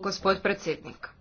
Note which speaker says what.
Speaker 1: gospod predsednik!